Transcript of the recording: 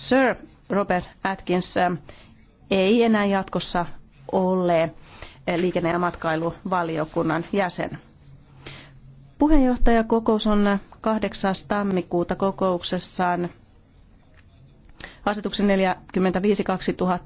Sir Robert Atkins eh, ei enää jatkossa ole eh, liikenne- ja matkailuvaliokunnan jäsen. Puheenjohtajakokous on 8. tammikuuta kokouksessaan asetuksen 45 2000